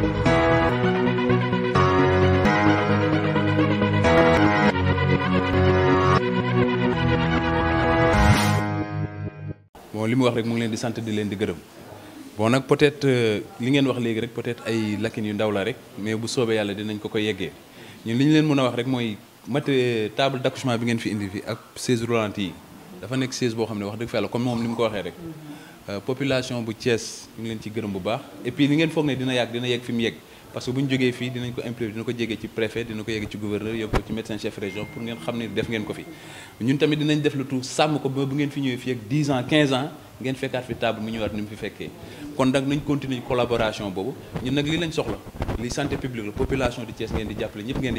bon li mu wax rek mu ngi leen di sant di leen di gërëm bon nag peut-être euh, li ngeen wax léegi rek peut ay lakin yu ndaw la rek mais bu soobee yàlla dinañ ko ko yeggee ñun li ñu leen mën a wax rek mooy mat table d'accouchement bi ngeen fi indi fi ak chaise roulante yi dafa nekk chaise boo xam ne wax dëgg fa yàlla comme moom li mu ko waxee rek Euh, population bu Thiès ñu ngi leen ci gërëm bu baax et puis ni ngeen foog ne dina yàgg dina yegg fi yegg parce que bu ñu jógee fii dinañ ko imprimer dina ko jégee ci préfet dina ko yegg ci gouverneur yóbbu ci médecin chef région pour ngeen fi ñun fi ñëwee fii ans 15 ans ngeen fekkaat fi table mu ñëwaat ni mu fi fekkee kon nag nañ continuer collaboration boobu ñun nag lii lañ soxla li santé publique la population de Thiès ngeen di jàppale ñëpp ngeen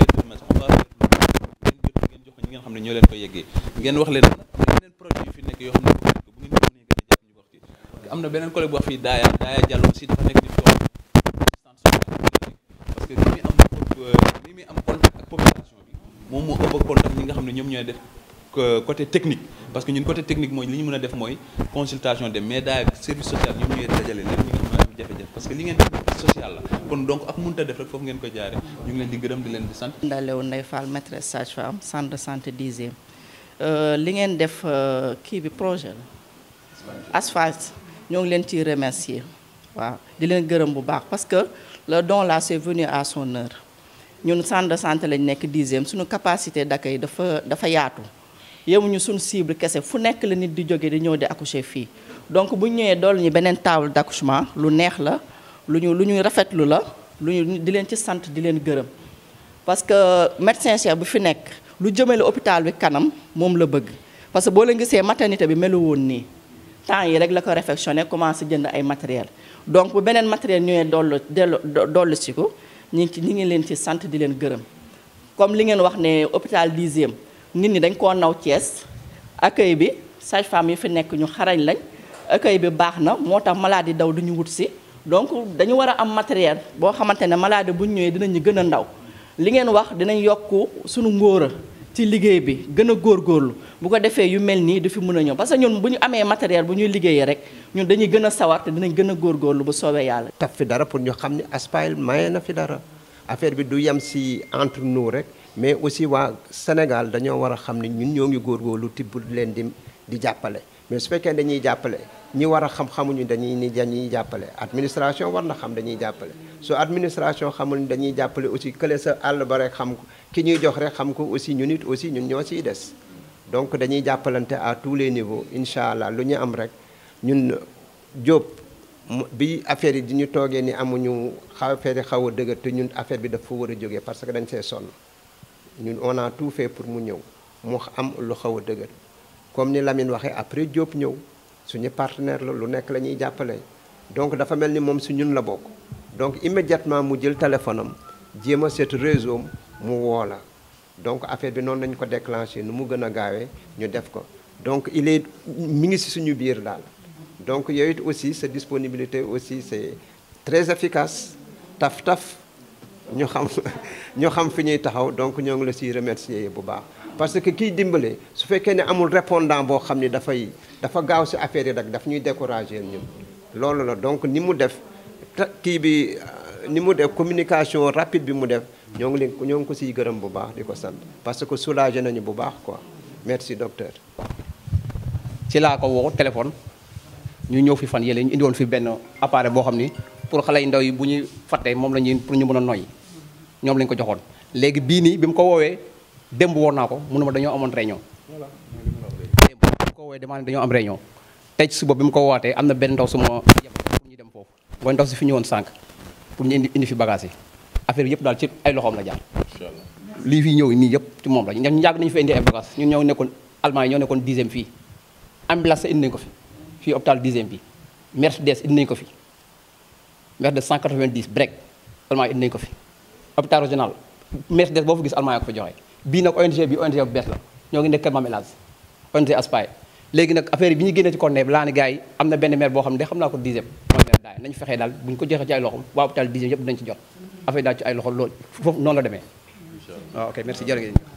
di ñoo leen ko yeggee ngeen wax leen am na beneen projet yu fi nekk yoo xam ne bu ngeen ko a beneen collègue bu wax fii Daaya Daaya Diallo aussi dafa nekk nit yoo xam parce que ni muy am contact ak population bi moom moo ëpp contact ñi nga xam ne ñoom ñooy def côté technique parce que ñun côté technique mooy li ñu mën a def mooy consultation des mais Daaya service social ñoom ñooy dajale lépp jafe parce que li ngeen def social la kon donc ak mënta def rek foofu ngeen ko jaare ñu ngi leen di gërëm di leen di sant ndalewu Ndeye Fall maîtresse sage femme centre de santé euh, li ngeen def euh, kii bi projet la asphalte ñoo ngi leen ciy remercier waa di leen gërëm bu baax parce que le don la c'est venu à son heure ñun centre de santé lañ nekk dixième suñu capacité d'accueil dafa dafa yaatu yemuñu suñu cible kese fu nekk la nit di jóge di ñëw di accoucher fii donc bu ñu ñëwee dool ñi beneen table d'accouchement lu neex la lu ñu lu ñuy rafetlu la lu ñu di leen ci sant di leen gërëm parce que médecin chef fi nekk lu jëmale hôpital bi kanam moom la bëgg parce que boo leen gisee maternité bi melu woon nii temps yi rek la ko réfectionné commencé jënd ay matériel donc bu matériel ñëwee dollu dellu dollu ci ko ñu ngi ñu ngi leen ci sant di leen gërëm comme li ngeen wax ne hôpital dixième nit ñi dañ koo naw cees accueil bi sage-femme yi fi nekk ñu xarañ lañ accueil bi baax na moo tax malade daw du ñu wut si donc dañu war a am matériel boo xamante ne malaadi bu ñu ñëwee dinañu gën a ndaw li ngeen wax dinañ yokk sunu ngóora ci liggéey bi gën a góorlu bu ko defee yu mel nii du fi mën a ñëw parce que ñun bu ñu amee matériel bu ñuy liggéeyee rek ñun dañuy gën a sawar te dinañ gën a góorlu bu soobee yàlla. taf fi dara pour ñu xam ne ASPAEL maye na fi dara affaire bi du yem si entre nous rek. mais aussi waa Sénégal dañoo war a xam ne ñun ñoo ngi góor góorgóorlu tibb leen di di jàppale mais su fekkee dañuy jàppale ñi war a xam xamuñu dañuy ni dañuy jàppale administration war na xam dañuy jàppale su administration xamul ni dañuy jàppale aussi kële sa àll ba rek xam ko ki ñuy jox rek xam ko aussi ñun it aussi ñun ñoo ciy des donc dañuy jàppalante à tous les niveaux incha allah lu ñu am rek ñun jóob bi affaire yi di ñu toogee ni amuñu affaire yi xaw a dëgër te ñun affaire bi dafa war a jógee parce que dañ see sonn ñun on a tout fait pour mu ñëw mu am lu xaw a dëgër comme ni Lamine waxee après Diop ñëw suñu partenaire la lu nekk lañuy ñuy jàppale donc dafa mel ni moom si ñun la bokk donc immédiatement mu jël téléphone am jéem a seet réseau mu woo la donc affaire bi noonu lañ ko déclenché nu mu gën a gaawee ñu def ko donc il est ngi si suñu biir daal donc yooyu aussi sa disponibilité aussi c'est très efficace taf-taf ñu xam ñu xam fi ñuy taxaw donc ñoo ngi la siy remercier bu baax parce que kii dimbale su fekkee ne amul répondant boo xam ni dafay dafa gaaw si affaire yi rek daf ñuy décourager ñu loolu la donc ni mu def kii bi ni mu def communication rapide bi mu def ñoo ngi leen ñoo ngi ko siy gërëm bu baax di ko sant parce que soulagé nañu bu baax quoi merci docteur ci laa ko woo téléphone ñu ñëw fi fan yële ñu indiwoon fi benn appareil boo xam ni pour xale yu ndaw yi bu ñu fàtte moom la ñuy pour ñu mën a noyyi ñoom lañ ko joxoon léegi bii nii bi mu ko woowee démb woon naa ko mënu ma dañoo amoon réunion démb bi mu ko woowee damaa ne dañoo am réunion tey ci suba bi mu ko woowaatee am na benn ndaw suma yeb pour ñu dem foofu ngoy ndaw si fi ñëwoon sànq pour ñu indi fi bagage yi yëpp daal ci ay la jaar lii fi ñëw nii yëpp ci moom la ñu yàgg nañu fi indi ay bagage ñun ñoo nekkoon allemand yi ñoo nekkoon am fii ambulance indi nañ ko fi fii hôpital dixième bi Mercedes indi nañ ko fi Mercedes 190 break allemand indi nañ ko fi hôpital régional Mercedes boo fa gis allemand ko fa joxe bii nag ONG bi ONG bu bees la ñoo ngi nekk Kër Mame El Hadj ONG Aspay léegi nag affaire bi ñu génnee ci Corneille bi laa ne gars yi am na benn maire boo xam ne xam naa ko dixième mooy maire daay nañu fexee daal buñu ko joxee ci ay loxom waa hôpital dixième yëpp dinañ ci jot affaire daal ci ay loxo loolu foofu noonu la demee waaw ah, ok merci jërëjëf